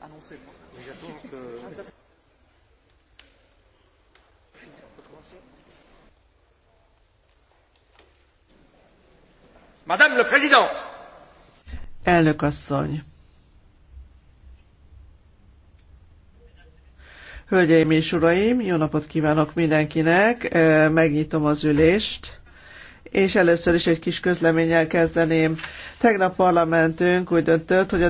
moi Mais j'attends que... Madame le Président! Elnök asszony! Hölgyeim és uraim, jó napot kívánok mindenkinek, megnyitom az ülést, és először is egy kis közleménnyel kezdeném. Tegnap parlamentünk úgy döntött, hogy a